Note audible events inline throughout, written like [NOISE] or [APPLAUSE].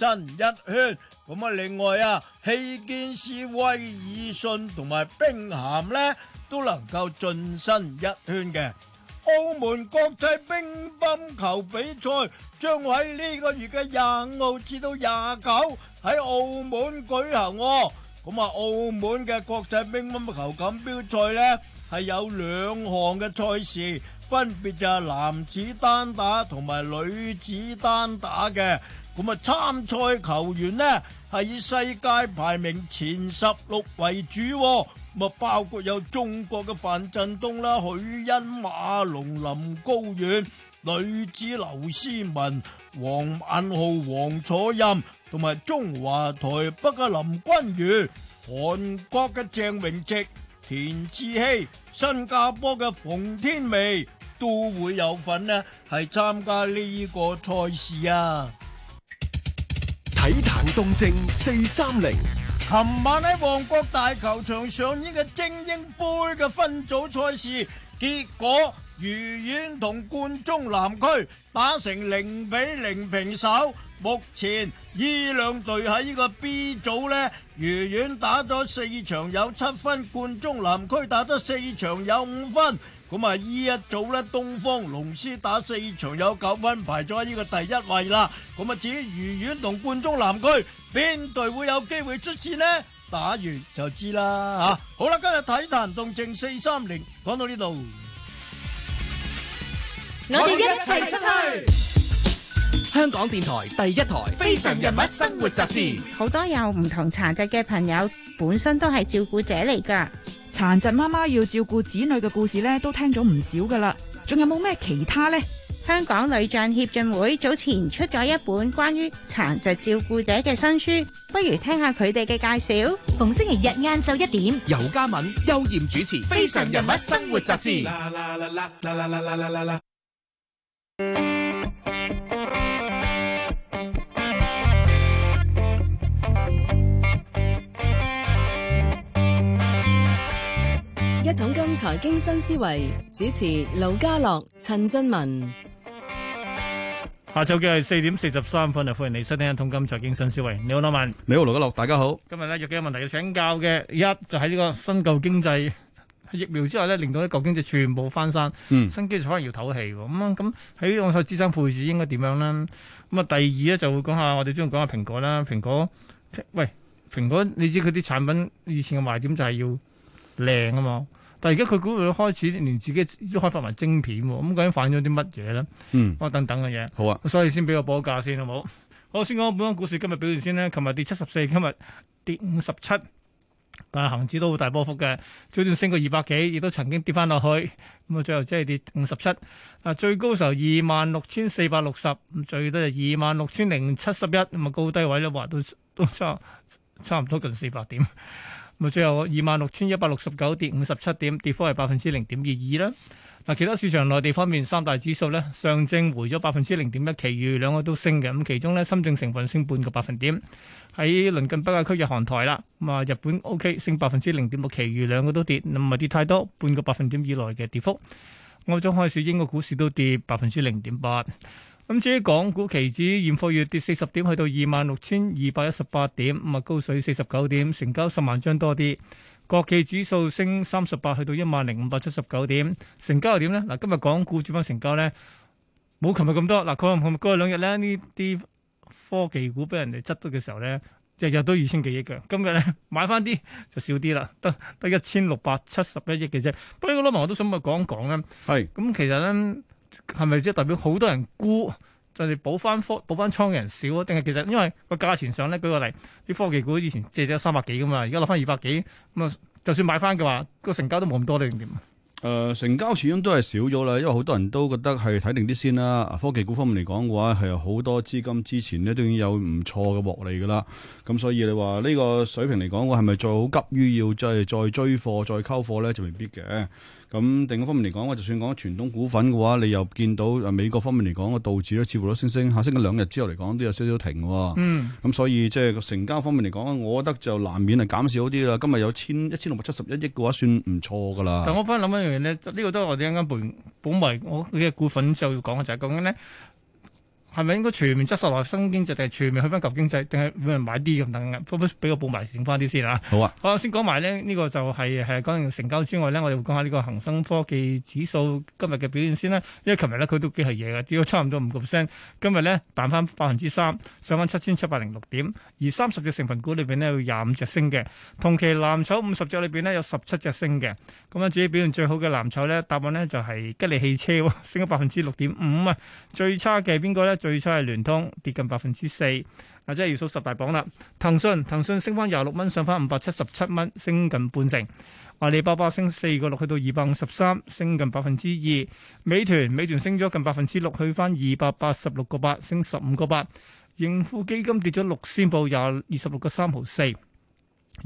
進一圈，咁啊，另外啊，希堅斯、威爾遜同埋冰咸呢都能夠進身一圈嘅。澳門國際乒乓球比賽將喺呢個月嘅廿五號至到廿九喺澳門舉行。咁啊，澳門嘅國際乒乓球錦標賽呢係有兩項嘅賽事，分別就係男子單打同埋女子單打嘅。咁啊，參賽球員呢係以世界排名前十六為主，啊，包括有中國嘅樊振東啦、許昕、馬龍、林高遠、女子劉詩雯、王曼浩、王楚欽，同埋中華台北嘅林君如、韓國嘅鄭榮植、田志希、新加坡嘅馮天薇都會有份呢，係參加呢個賽事啊。體壇動靜四三零，琴晚喺旺角大球場上演嘅精英杯嘅分組賽事，結果愉園同冠忠南區打成零比零平手。目前依兩隊喺呢個 B 組呢，愉園打咗四場有七分，冠忠南區打咗四場有五分。咁啊！依一組咧，東方龍獅打四場有九分，排咗喺呢個第一位啦。咁啊，至於愉園同冠忠南區邊隊會有機會出戰咧，打完就知啦吓。好啦，今日體壇動靜四三零，講到呢度。我哋一齊出去。香港電台第一台，非常人物，生活雜誌。好多有唔同殘疾嘅朋友，本身都係照顧者嚟㗎。殘疾媽媽要照顧子女嘅故事咧，都聽咗唔少噶啦，仲有冇咩其他呢？香港女障協進會早前出咗一本關於殘疾照顧者嘅新書，不如聽下佢哋嘅介紹。逢星期日晏晝一點，尤嘉敏、邱艷主持，非常人物生活雜誌。財經新思維，主持盧家樂、陳俊文，下晝嘅係四點四十三分啊！歡迎你收聽《一桶金財經新思維》，你好多，阿文，你好，盧家樂，大家好。今日咧有幾個問題要請教嘅，一就喺呢個新舊經濟疫苗之後咧，令到呢舊經濟全部翻身，嗯、新經濟反而要唞氣咁啊。咁、嗯、喺我睇資產配置應該點樣呢？咁、嗯、啊，第二咧就會講下我哋中意講下蘋果啦。蘋果喂，蘋果你知佢啲產品以前嘅賣點就係要靚啊嘛。但係而家佢估到開始連自己都開發埋晶片，咁究竟反映咗啲乜嘢咧？嗯，啊等等嘅嘢，好啊，所以先俾個報價先，好冇？好，先講本港股市今日表現先咧，琴日跌七十四，今日跌五十七，但係恒指都好大波幅嘅，早段升過二百幾，亦都曾經跌翻落去，咁啊最後即係跌五十七，啊最高時候二萬六千四百六十，咁最低就二萬六千零七十一，咁啊高低位咧話都都差差唔多近四百點。咪最後二萬六千一百六十九跌五十七點，跌幅係百分之零點二二啦。嗱，其他市場內地方面，三大指數咧上證回咗百分之零點一，其餘兩個都升嘅。咁其中咧，深圳成分升半個百分點，喺鄰近北亞區日韓台啦。咁啊，日本 OK 升百分之零點六，其餘兩個都跌，唔係跌太多，半個百分點以內嘅跌幅。歐洲開市，英國股市都跌百分之零點八。咁至於港股期指現貨月跌四十點，去到二萬六千二百一十八點，咁啊高水四十九點，成交十萬張多啲。國企指數升三十八，去到一萬零五百七十九點，成交又點咧？嗱，今日港股主板成交咧冇琴日咁多，嗱，可能琴日嗰兩日咧呢啲科技股俾人哋執到嘅時候咧，日日都二千幾億嘅，今日咧買翻啲就少啲啦，得得一千六百七十一億嘅啫。不過呢個問題我都想咪講一講咧，係咁是其實咧。係咪即係代表好多人沽，就係補翻科補翻倉嘅人少啊？定係其實因為個價錢上咧，舉個例，啲科技股以前借咗三百幾㗎嘛，而家落翻二百幾，咁啊，就算買翻嘅話，個成交都冇咁多咧，定點啊？誒、呃，成交始終都係少咗啦，因為好多人都覺得係睇定啲先啦。科技股方面嚟講嘅話，係好多資金之前呢都已經有唔錯嘅獲利㗎啦，咁所以你話呢個水平嚟講，我係咪再好急於要即係再追貨、再溝貨咧，就未必嘅。咁定、嗯、一方面嚟講，我就算講傳統股份嘅話，你又見到誒美國方面嚟講個道指咧，似乎咗星星，下跌咗兩日之後嚟講都有少少停嘅。嗯，咁、嗯、所以即係個成交方面嚟講，我覺得就難免係減少啲啦。今日有千一千六百七十一億嘅話，算唔錯㗎啦。但係我翻諗一樣嘢呢，呢、這個都係我哋啱啱本保埋我嘅股份就要講嘅，就係講緊呢。係咪應該全面質素落新經濟定係全面去翻舊經濟定係每人買啲咁等等？俾我報埋整翻啲先嚇。好啊。我先講埋咧，呢、這個就係係講完成交之外咧，我哋會講下呢個恒生科技指數今日嘅表現先啦。因為琴日咧佢都幾係嘢嘅，跌咗差唔多五個 percent。今日咧彈翻百分之三，上翻七千七百零六點。而三十隻成分股裏邊咧有廿五隻升嘅，同期藍籌五十隻裏邊咧有十七隻升嘅。咁啊，自己表現最好嘅藍籌咧，答案咧就係、是、吉利汽車喎，升咗百分之六點五啊。最差嘅邊個咧？最初係聯通跌近百分之四，嗱、啊、即係要數十大榜啦。騰訊騰訊升翻廿六蚊，上翻五百七十七蚊，升近半成。阿里巴巴升四個六，去到二百五十三，升近百分之二。美團美團升咗近百分之六，去翻二百八十六個八，升十五個八。盈富基金跌咗六仙，報廿二十六個三毫四，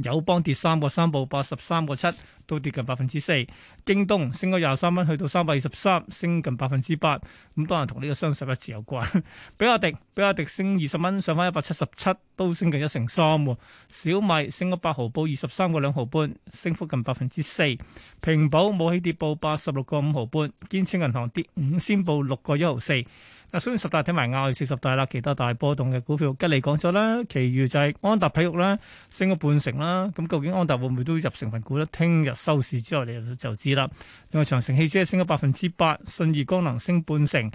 友邦跌三個三報八十三個七。都跌近百分之四，京東升咗廿三蚊，去到三百二十三，升近百分之八，咁當然同呢個雙十一字有關。 [LAUGHS] 比亞迪比亞迪升二十蚊，上翻一百七十七，都升近一成三。小米升咗八毫，報二十三個兩毫半，升幅近百分之四。平保冇起跌，報八十六個五毫半。建設銀行跌五仙，報六個一毫四。嗱，所以十大睇埋亞四十大啦，其他大波動嘅股票，吉利講咗啦，其餘就係安踏體育啦，升咗半成啦。咁究竟安踏會唔會都入成分股咧？聽日。收市之後，你就知啦。另外，長城汽車升咗百分之八，信義光能升半成，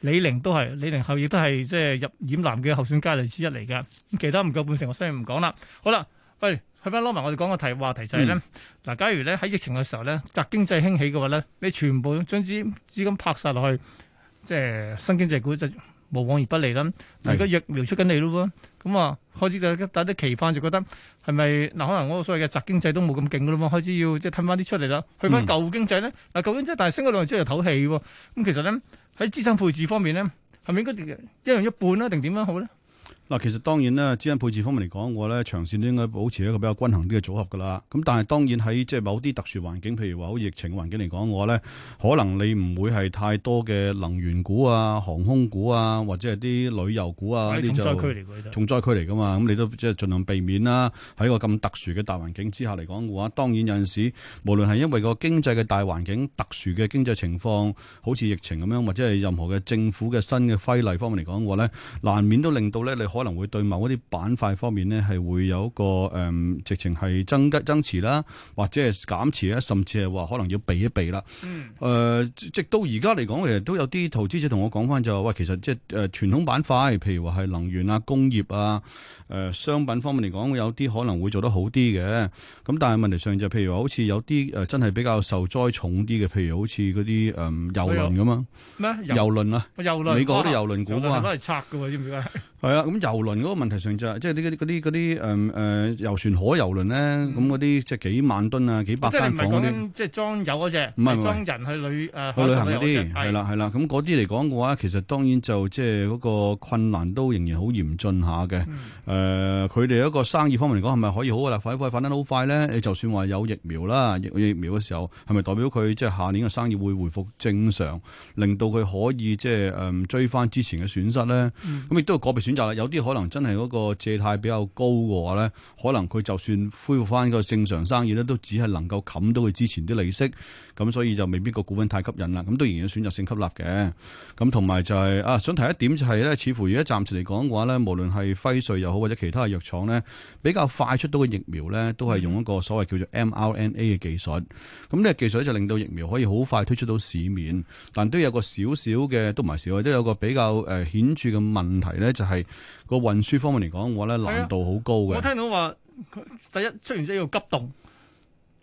李寧都係，李寧後亦都係即係入染藍嘅候選佳麗之一嚟嘅。咁其他唔夠半成，我所以唔講啦。好啦，喂、哎，去返攞埋我哋講嘅題話題就係、是、咧，嗱、嗯，假如咧喺疫情嘅時候咧，宅經濟興起嘅話咧，你全部將資資金拍晒落去，即係新經濟股就是。無往而不利啦，而家疫苗出緊嚟咯喎，咁啊是開始就大啲旗幟就覺得係咪嗱？可能我所謂嘅宅經濟都冇咁勁噶咯喎，開始要即係褪翻啲出嚟啦，去翻舊經濟咧。嗱、嗯，究竟即係但係升嗰兩日之後又唞氣喎，咁、啊嗯、其實咧喺資產配置方面咧，係咪應該一樣一,一半啦、啊？定點樣好咧？嗱，其實當然啦，資金配置方面嚟講嘅話咧長線都應該保持一個比較均衡啲嘅組合噶啦。咁但係當然喺即係某啲特殊環境，譬如話好疫情環境嚟講嘅話咧可能你唔會係太多嘅能源股啊、航空股啊，或者係啲旅遊股啊，呢就重災區嚟嘅重災區嚟㗎嘛。咁、嗯、你都即係盡量避免啦、啊。喺個咁特殊嘅大環境之下嚟講嘅話，當然有陣時無論係因為個經濟嘅大環境特殊嘅經濟情況好似疫情咁樣，或者係任何嘅政府嘅新嘅規例方面嚟講嘅話咧，難免都令到咧你。可能會對某一啲板塊方面咧，係會有一個誒、嗯，直情係增加增持啦，或者係減持啦、啊，甚至係話可能要避一避啦。嗯，誒，直到而家嚟講，其實都有啲投資者同我講翻，就係話其實即係誒傳統板塊，譬如話係能源啊、工業啊、誒、呃、商品方面嚟講，有啲可能會做得好啲嘅。咁但係問題上就係、譬如話好似有啲誒真係比較受災重啲嘅，譬如好似嗰啲誒郵輪咁啊咩郵輪啊，郵輪美國嗰啲郵輪股郵輪係都係拆嘅知唔知啊？係啊，咁遊、嗯、輪嗰個問題上就係，即係呢啲嗰啲嗰啲誒誒遊船可遊輪、海油輪咧，咁嗰啲即係幾萬噸啊、幾百間房即係裝油嗰隻，唔係唔裝人去旅誒旅行嗰啲，係啦係啦，咁嗰啲嚟講嘅話，其實當然就即係嗰個困難都仍然好嚴峻下嘅。誒、呃，佢哋一個生意方面嚟講，係咪可以好啊？反一反反得好快咧？你就算話有疫苗啦，疫疫，疫苗嘅時候係咪代表佢即係下年嘅生意會回復正常，令到佢可以即係誒追翻之前嘅損失咧？咁亦都係個別損。就有啲可能真係嗰個借貸比較高嘅話呢，可能佢就算恢復翻個正常生意呢，都只係能夠冚到佢之前啲利息，咁所以就未必個股份太吸引啦。咁都仍然有選擇性吸納嘅。咁同埋就係、是、啊，想提一點就係、是、呢，似乎而家暫時嚟講嘅話呢，無論係輝瑞又好或者其他嘅藥廠咧，比較快出到嘅疫苗呢，都係用一個所謂叫做 mRNA 嘅技術。咁呢個技術就令到疫苗可以好快推出到市面，但都有個少少嘅，都唔係少，都有個比較誒顯著嘅問題呢、就是，就係。個運輸方面嚟講我話咧，的難度好高嘅。我聽到話，第一出完之後要急凍，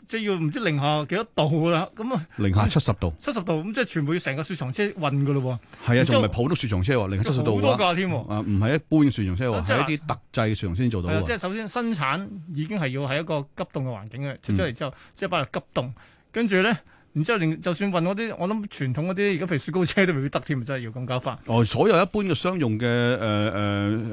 即係要唔知零下幾多度噶啦。咁啊，零下七十度，七十、嗯、度咁，即係全部要成個雪藏車運噶咯。係啊的，仲唔係普通雪藏車喎，零下七十度好多架添。啊、嗯，唔係一般雪藏車喎，係是一啲特製雪藏車先做到。即係首先生產已經係要喺一個急凍嘅環境出咗嚟之後，嗯、即係包括急凍，跟住咧。然之後連就算運嗰啲，我諗傳統嗰啲，而家譬如雪糕車都未必得添，真係要咁搞法。哦，所有一般嘅商用嘅誒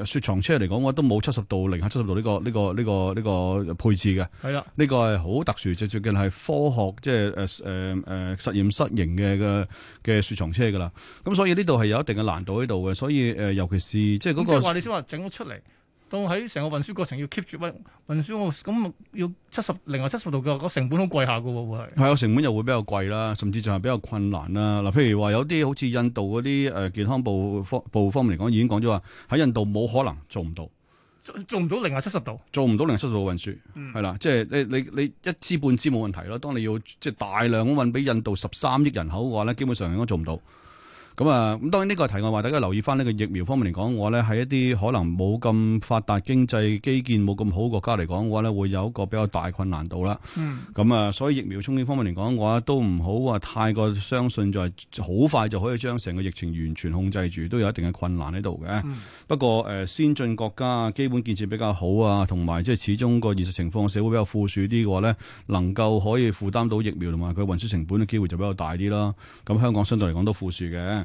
誒雪藏車嚟講，我都冇七十度零下七十度呢個呢個呢個呢個配置嘅。係啦，呢個係好特殊，最最近係科學即係誒誒誒實驗室型嘅嘅嘅雪藏車噶啦。咁、嗯、所以呢度係有一定嘅難度喺度嘅。所以誒、呃，尤其是即係、嗰個。即係話、嗯、你先話整咗出嚟。當喺成個運輸過程要 keep 住運運輸，咁要七十零下七十度嘅，嗰、那個、成本好貴下嘅會係。係啊，成本又會比較貴啦，甚至就係比較困難啦。嗱，譬如話有啲好似印度嗰啲誒健康部方部方面嚟講，已經講咗話喺印度冇可能做唔到，做唔到零下七十度。做唔到零下七十度運輸，係啦、嗯，即係你你你一支半支冇問題咯。當你要即係大量咁運俾印度十三億人口嘅話咧，基本上應該做唔到。咁啊，咁當然呢個題外話大家留意翻呢個疫苗方面嚟講，我咧喺一啲可能冇咁發達經濟基建冇咁好國家嚟講嘅話咧，會有一個比較大困難度啦。嗯。咁啊，所以疫苗沖擊方面嚟講嘅話，都唔好話太過相信就係好快就可以將成個疫情完全控制住，都有一定嘅困難喺度嘅。嗯。不過誒先進國家基本建設比較好啊，同埋即係始終個現實情況社會比較富庶啲嘅話咧，能夠可以負擔到疫苗同埋佢運輸成本嘅機會就比較大啲啦。咁香港相對嚟講都富庶嘅。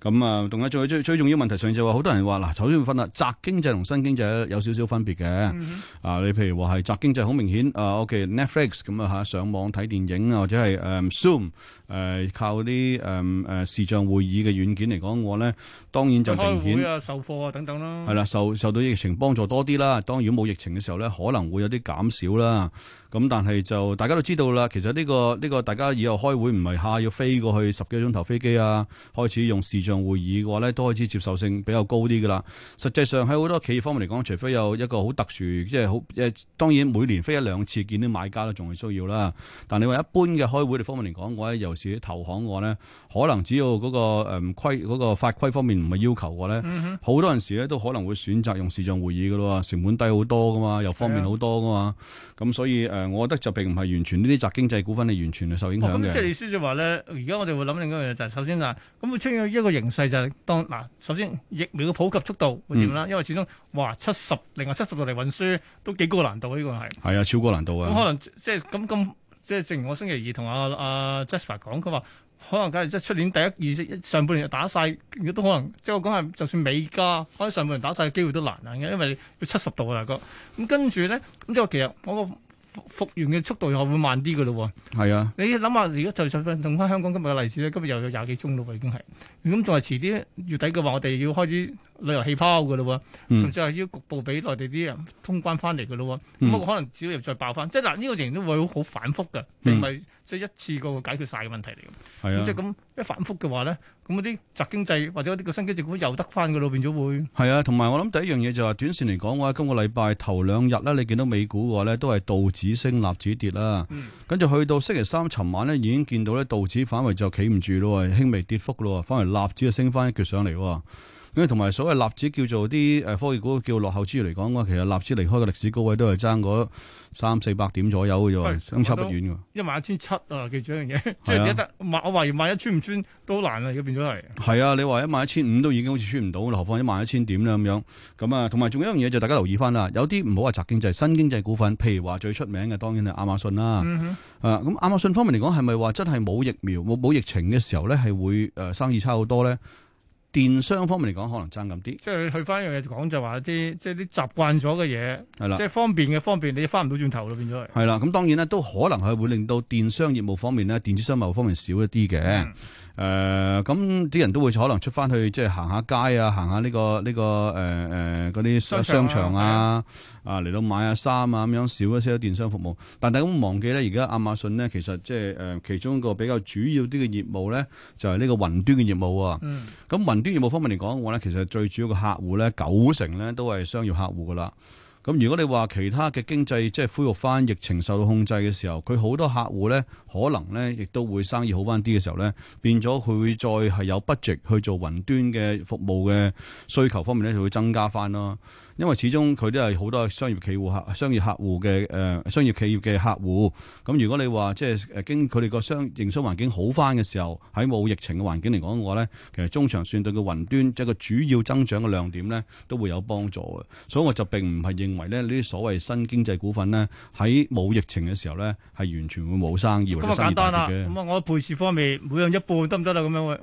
咁啊，同啊最最最重要問題上就話好多人話嗱、啊，首先分啦，宅經濟同新經濟有少少分別嘅。嗯、哼啊，你譬如話係宅經濟好明顯啊，o、okay, k Netflix 咁啊吓上網睇電影啊，或者係誒、um, Zoom 誒、啊、靠啲誒誒視像會議嘅軟件嚟講，我咧當然就明顯開會啊、售貨啊等等啦、啊。係啦，受受到疫情幫助多啲啦，當然冇疫情嘅時候咧，可能會有啲減少啦。咁但係就大家都知道啦，其實呢、這個呢、這個大家以後開會唔係下要飛過去十幾個鐘頭飛機啊，開始用視。像會議嘅話咧，都開始接受性比較高啲噶啦。實際上喺好多企業方面嚟講，除非有一個好特殊，即係好誒，當然每年飛一兩次見啲買家都仲係需要啦。但你話一般嘅開會嘅方面嚟講嘅話，尤其是投行嘅話咧，可能只要嗰、那個誒規嗰個法規方面唔係要求嘅咧，好、嗯、哼多陣時咧都可能會選擇用視像會議嘅咯喎，成本低好多噶嘛，又方便好多噶嘛。咁、啊、所以誒，我覺得就並唔係完全呢啲宅經濟股份係完全係受影響嘅。咁、哦、即係意思就話咧，而家我哋會諗另一樣就係首先啊，咁佢出現一個。嗯嗯嗯嗯形勢就係當嗱，首先疫苗嘅普及速度會點啦？嗯、因為始終哇，七十另外七十度嚟運輸都幾高難度，呢個係係啊，嗯嗯、超高難度嘅、啊嗯。咁可能即係咁咁，即係正如我星期二同阿阿 Jasper 講，佢、啊、話、啊、可能梗係即係出年第一二上半年就打晒，亦都可能即係我講係，就算美加，我喺上半年打晒嘅機會都難啊，因為要七十度啊，大哥。咁跟住咧，咁即係其實我個。復原嘅速度又會慢啲嘅咯喎，係啊，你諗下，如果就上翻用翻香港今日嘅例子咧，今日又有廿幾宗咯喎，已經係，如果仲係遲啲，月底嘅話，我哋要開始旅遊氣泡嘅咯喎，嗯、甚至係要局部俾內地啲人通關翻嚟嘅咯喎，咁啊、嗯、可能只要再爆翻，嗯、即係嗱呢個仍然都會好反覆嘅，並唔係即係一次過解決晒嘅問題嚟。係啊、嗯，即係咁一反覆嘅話咧，咁嗰啲宅經濟或者啲個新經濟股又得翻嘅咯，變咗會係啊。同埋我諗第一樣嘢就係、是、話，短線嚟講嘅話，今個禮拜頭兩日咧，你見到美股嘅話咧，都係道指升、納指跌啦。跟住、嗯、去到星期三、尋晚咧，已經見到咧道指反為就企唔住咯，輕微跌幅咯，反而納指就升翻一腳上嚟喎。咁啊，同埋所謂納指叫做啲誒科技股叫落後資嚟講啊，其實納指離開嘅歷史高位都係爭嗰三四百點左右嘅啫，是相差不遠㗎。一萬一千七啊，記住一樣嘢。即係得我懷疑萬一穿唔穿都難啊，而家變咗係。係啊，你話一萬一千五都已經好似穿唔到，何況一萬一千點咧咁樣。咁啊，同埋仲有一樣嘢就大家留意翻啦，有啲唔好話宅經濟，新經濟股份，譬如話最出名嘅當然係亞馬遜啦。咁、嗯哼啊、亞馬遜方面嚟講係咪話真係冇疫苗冇疫情嘅時候咧係會誒生意差好多咧？電商方面嚟講，可能爭咁啲。即係去翻一樣嘢講，就話啲即係啲習慣咗嘅嘢，係啦的，即係方便嘅方便，你翻唔到轉頭咯，變咗係。係啦，咁當然咧，都可能係會令到電商業務方面咧，電子商貿方面少一啲嘅。嗯誒，咁啲、呃、人都會可能出翻去，即係行下街啊，行下呢、呢個呢、呢個誒誒嗰啲商商場啊，場啊嚟、啊啊、到買下衫啊咁樣，少一少電商服務。但係大家忘記咧，而家亞馬遜咧，其實即係誒其中一個比較主要啲嘅業務咧，就係呢個雲端嘅業務啊。咁、嗯、雲端業務方面嚟講嘅話咧，其實最主要嘅客戶咧，九成咧都係商業客戶噶啦。咁如果你話其他嘅經濟即係恢復翻，疫情受到控制嘅時候，佢好多客戶呢，可能呢亦都會生意好翻啲嘅時候呢，變咗佢會再係有 budget 去做雲端嘅服務嘅需求方面呢，就會增加翻咯。因為始終佢都係好多商業企業客戶、商業客戶嘅誒、呃、商業企業嘅客戶。咁、嗯、如果你話即係誒，經佢哋個商營商環境好返嘅時候，喺冇疫情嘅環境嚟講，嘅話咧，其實中長線對個雲端即係個主要增長嘅亮點咧都會有幫助嘅。所以我就並唔係認為咧呢啲所謂新經濟股份咧喺冇疫情嘅時候咧係完全會冇生意、嗯、或者生意大跌嘅。咁啊，我配置方面每樣一半得唔得啦？咁樣會。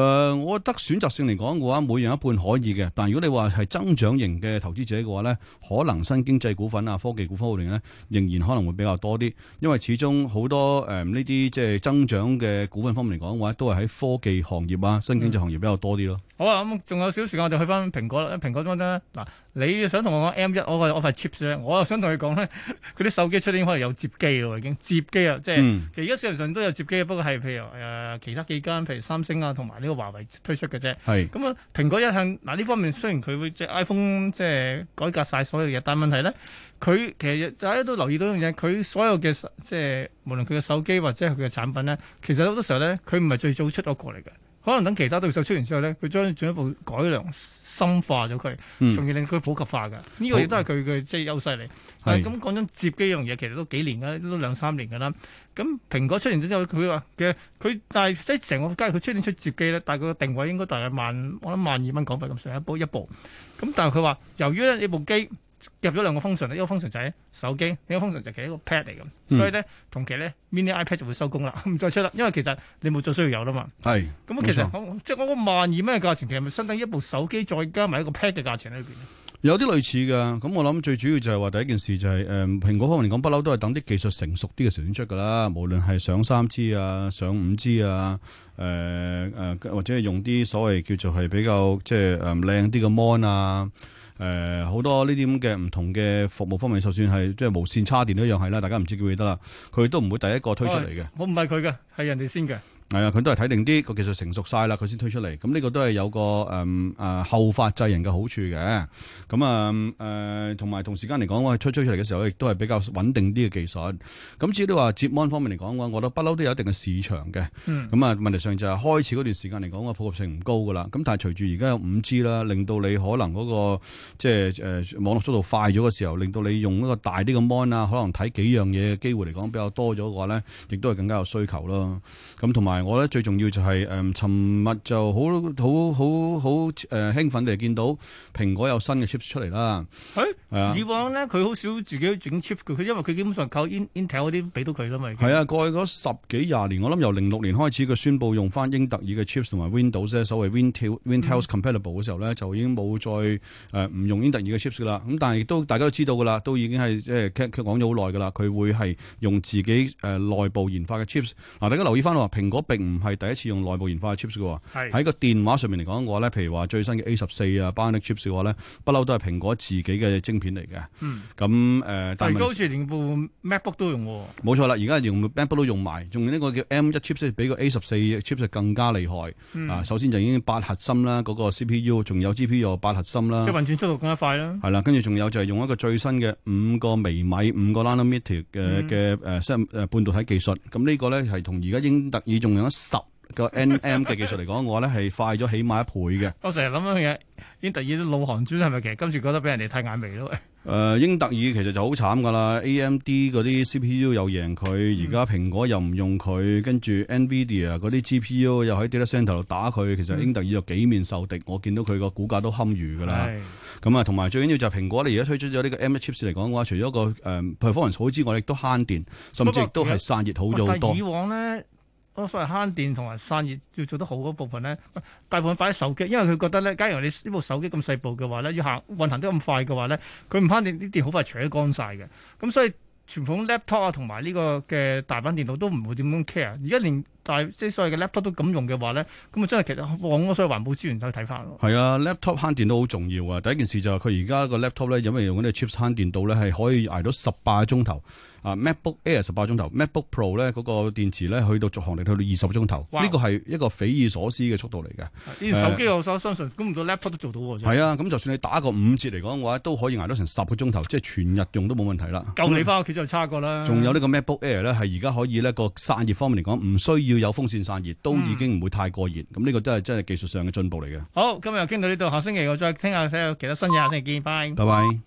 誒、呃，我覺得選擇性嚟講嘅話，每樣一半可以嘅。但如果你話係增長型嘅投資者嘅話咧，可能新經濟股份啊、科技股方面咧，仍然可能會比較多啲。因為始終好多誒呢啲即係增長嘅股份方面嚟講嘅話，都係喺科技行業啊、新經濟行業比較多啲咯。嗯、好啊，咁、嗯、仲有少少時間，我哋去返蘋果啦。蘋果點咧？嗱，你想同我講 M1，我個我塊 chip 我又想同你講咧，佢啲手機出年可能有摺機咯，已經摺機啊！即係、嗯、其實而家市場上都有摺機，不過係譬如誒其他幾間，譬如三星，三星啊，同埋呢。個華為推出嘅啫，係咁啊！蘋果、嗯、一向嗱呢方面，雖然佢會即係 iPhone 即係改革晒所有嘢，但係問題咧，佢其實大家都留意到一樣嘢，佢所有嘅即係無論佢嘅手機或者係佢嘅產品咧，其實好多時候咧，佢唔係最早出咗過嚟嘅。可能等其他對手出完之後咧，佢將進一步改良、深化咗佢，從、嗯、而令佢普及化嘅。呢、這個亦都係佢嘅即係優勢嚟。係咁講緊摺機呢樣嘢，其實都幾年嘅，都兩三年嘅啦。咁蘋果出完之後，佢話嘅佢，但係即係成個街佢出緊出摺機咧，但佢個定位應該大概萬我諗萬二蚊港幣咁上下，一部一部。咁但係佢話由於咧呢部機。夾咗兩個功能，一個功能就係手機，另一個功能就係其中一個 pad 嚟，咁，所以咧同期咧 mini iPad 就會收工啦，唔再出啦，因為其實你冇再需要有啦嘛。係是，咁其實即係錯我嗰萬二蚊嘅價錢，其實咪相當於一部手機再加埋一個 pad 嘅價錢喺裏邊。有啲類似噶，咁我諗最主要就係話第一件事就係、是、誒，蘋、嗯、果方面講不嬲都係等啲技術成熟啲嘅時先出噶啦，無論係上三 G 啊，上五 G 啊，誒、呃、誒或者係用啲所謂叫做係比較即係誒靚啲嘅 mon 啊。誒好、呃、多呢啲咁嘅唔同嘅服務方面，就算係即係無線叉電都一樣係啦，大家唔知記唔記得啦，佢都唔會第一個推出嚟嘅、哎。我唔係佢嘅，係人哋先嘅。係、嗯，這個嗯、啊，佢都係睇定啲個技術成熟晒啦，佢先推出嚟。咁呢個都係有個誒誒後發制人嘅好處嘅。咁、嗯、啊誒，同埋同時間嚟講，我係推推出嚟嘅時候，亦都係比較穩定啲嘅技術。咁至於你話接 mon 方面嚟講嘅話，我覺得不嬲都有一定嘅市場嘅。咁啊、嗯，問題上就係、是、開始嗰段時間嚟講嘅普及性唔高噶啦。咁但係隨住而家有五 G 啦，令到你可能嗰、那個即係誒、呃、網絡速度快咗嘅時候，令到你用一個大啲嘅 mon 啊，可能睇幾樣嘢嘅機會嚟講比較多咗嘅話咧，亦都係更加有需求咯。咁同埋。嗯我咧最重要、嗯、就係誒，尋日就好好好好誒興奮地見到蘋果有新嘅 chips 出嚟啦。誒、啊，以往咧佢好少自己整 chip 嘅，佢因為佢基本上靠 Intel 嗰啲俾到佢啦，咪係啊，過去嗰十幾廿年，我諗由零六年開始佢宣布用翻英特爾嘅 chips 同埋 Windows 所謂 Wintel compatible 嘅時候咧，嗯、就已經冇再誒唔、呃、用英特爾嘅 chips 噶啦。咁但係都大家都知道嘅啦，都已經係即係佢講咗好耐嘅啦，佢會係用自己誒內部研發嘅 chips。嗱，大家留意翻話蘋果。並唔係第一次用內部研發嘅 chips 嘅喎是，喺個電話上面嚟講嘅話咧，譬如話最新嘅 A 十四啊，Bionic chips 嘅話咧，不嬲都係蘋果自己嘅晶片嚟嘅。咁誒、嗯，呃、但係而家好似連部 MacBook 都用喎。冇錯啦，而家用 MacBook 都用埋，仲呢個叫 M 一 chips 比個 A 十四 chips 更加厲害。啊、嗯，首先就已經八核心啦，嗰個 CPU，仲有 GPU 八核心啦。即係運轉速度更加快啦。係啦，跟住仲有就係用一個最新嘅五個微米、五個 nanometer 嘅嘅誒半導體技術。咁呢個咧係同而家英特爾仲，嗯講十個 nm 嘅技術嚟講，我咧係快咗起碼一倍嘅。 [LAUGHS] 我成日諗緊嘢，英特爾啲老行尊係咪其實今次覺得俾人哋睇眼眉咯？誒、呃，英特爾其實就好慘噶啦，AMD 嗰啲 CPU 又贏佢，而家蘋果又唔用佢，跟住 NVIDIA 嗰啲 GPU 又喺 Data Center 度打佢，其實英特爾就幾面受敵。我見到佢個股價都堪虞噶啦。咁啊是，同埋最緊要就係蘋果，你而家推出咗呢個 m h s 嚟講，我除咗個誒、呃、performance 好之外，亦都慳電，甚至亦都係散熱好咗好多。以往咧。所謂慳電同埋散熱要做得好嗰部分咧，大部分擺喺手機，因為佢覺得咧，假如你呢部手機咁細部嘅話咧，要行運行得咁快嘅話咧，佢唔慳電，啲電好快除扯乾晒嘅。咁、嗯、所以傳統 laptop 啊同埋呢個嘅大板電腦都唔會點樣 care。而家連但係即係所謂嘅 laptop 都咁用嘅話咧，咁啊真係其實放開所有環保資源去睇翻咯。係啊，laptop 慳電都好重要啊！第一件事就係佢而家個 laptop 咧，有咩用嗰啲 chip 慳電到咧係可以捱到十八個鐘頭啊！MacBook Air 十八鐘頭，MacBook Pro 咧嗰個電池咧去到續航力去到二十個鐘頭，呢個係一個匪夷所思嘅速度嚟嘅。呢前、啊、手機我所相信，估唔到 laptop 都做到喎。係啊，咁就算你打個五折嚟講嘅話，都可以捱到成十個鐘頭，即係全日用都冇問題啦。夠你翻屋企就差過啦。仲、嗯、有呢個 MacBook Air 咧，係而家可以呢個散熱方面嚟講唔需要。要有風扇散熱，都已經唔會太過熱。咁呢、嗯、個都係真係技術上嘅進步嚟嘅。好，今日又傾到呢度，下星期我再傾下睇下其他新嘢，下星期見，拜。拜。